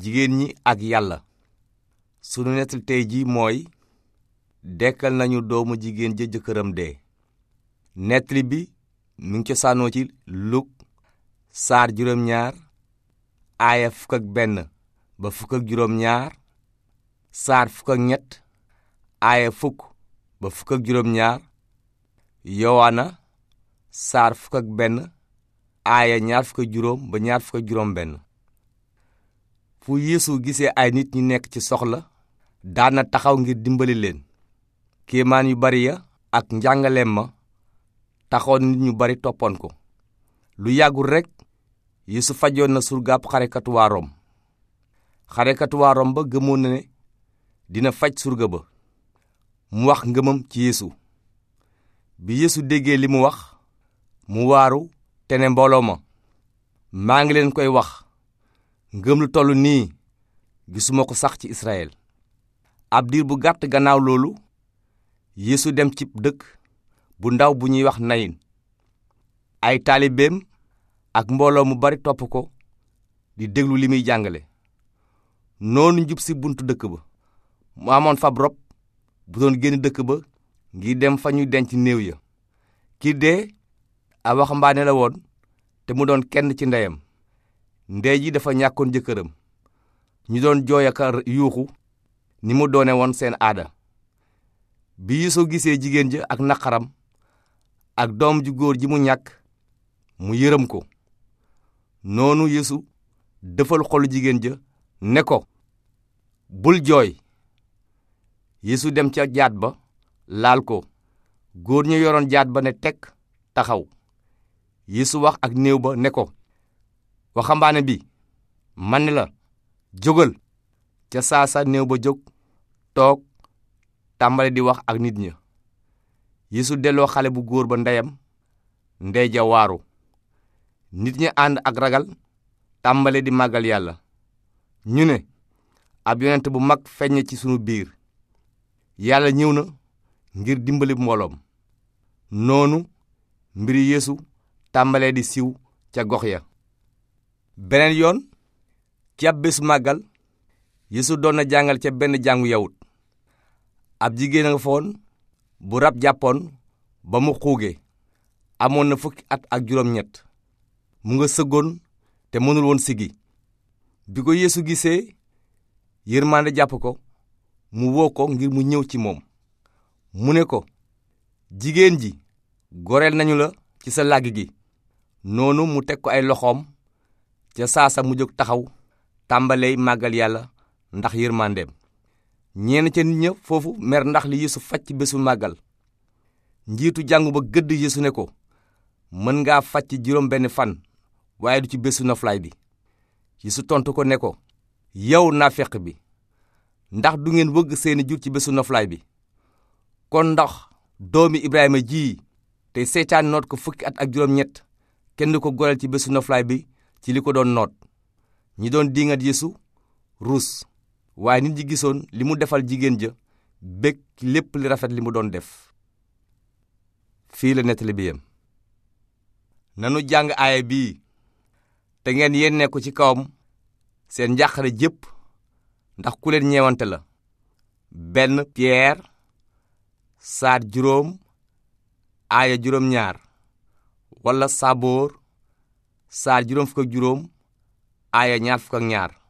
jigéen ñi ak yàlla sunu nettal tey ji mooy dekkal nañu doomu jigéen ja jëkkëram dee nettali bi mu ngi cosaanoo ci luk saar juróom ñaar aaya fukk ak benn ba fukk ak juróom ñaar saar fukk ak ñett aaya fukk ba fukk ak juróom ñaar yowaana saar fukk ak benn aaya ñaar fukk ak juróom ba ñaar fukk ak juróom benn fu yeesu gisee ay nit ñi nekk ci soxla daana taxaw ngir dimbali leen kéemaan yu bari ya ak njàngaleem ma taxoon nit ñu bari toppoon ko lu yàggul rekk yéesu fajoon na surgaab xarekatu waa xarekatu waa Rom ba gëmoon na ne dina faj surga ba mu wax ngëmam ci yeesu bi yeesu déggee li mu wax mu waaru te ne mbooloo ma maa ngi leen koy wax ngëm lu toll nii gisuma ko sax ci Israël ab diir bu gàtt gannaaw loolu yéesu dem ci dëkk bu ndaw bu ñuy wax Nayin ay taalibeem ak mbooloo mu bari topp ko di déglu li muy jàngale noonu njub si buntu dëkk ba mu amoon fab rob bu doon génn dëkk ba ngir dem fa ñuy denc néew ya kii dee a waxambaane la woon te mu doon kenn ci ndeyam ndey ji dafa ñàkkoon jëkkëram ñu doon jooy ak yuuxu ni mu doone woon seen aada bi Yuusu gisee jigéen ja ak naqaram ak doom ju góor ji mu ñàkk mu yërëm ko noonu Yuusu dëfal xolu jigéen ja ne ko bul jooy yéesu dem ca jaat ba laal ko góor ñu yoroon jaat ba ne tekk taxaw yéesu wax ak néew ba ne ko waxambaane bi man la jógal ca saa néew ba jóg toog tàmbali di wax ak nit ña Yeesu delloo xale bu góor ba ndeyam ndey ja waaru nit ña ànd ak ragal tàmbali di màggal yàlla ñu ne ab yonent bu mag feeñ ci sunu biir yàlla ñëw na ngir dimbali mbooloom noonu mbiri yéesu tàmbalee di siiw ca gox ya beneen yoon ci ab màggal Yeesu doon na jàngal ca benn jàngu yawut ab jigéen a nga foon bu rab jàppoon ba mu xuuge amoon na fukki at ak juróom ñett mu nga sëggoon te mënul woon sigi bi ko Yeesu gisee yërmaande jàpp ko mu woo ko ngir mu ñëw ci moom mu ne ko jigéen ji goreel nañu la ci sa làgg gi noonu mu teg ko ay loxoom ca saasa mu jóg taxaw tàmbaley màggal yàlla ndax yërmandeem ñeen ca nit ña foofu mer ndax li yeesu faj ci bésu màggal njiitu jàngu ba gëdd yeesu ne ko mën nga faj ci juróom benn fan waaye du ci bésu noflaay bi yeesu tontu ko ne ko yow naafeq bi ndax du ngeen wëgg seeni jur ci bésu noflaay bi kon ndox doomi ibrahima ji te seytaan noot ko fukki at ak juróom ñett kenn du ko goreel ci bésu noflaay bi ci li ko doon noot ñi doon diingat yeesu ruus waaye nit ñi gisoon li mu defal jigéen ja bég lépp li rafet li mu doon def fii la nettali bi yem nanu jàng aaya bii te ngeen yennee ko ci kawam seen njàqare jépp ndax ku leen ñeewante la benn Pierre saar juróom aaya juróom ñaar walla saboor saar juróom fukk juróom aaya ñaar fukk ñaar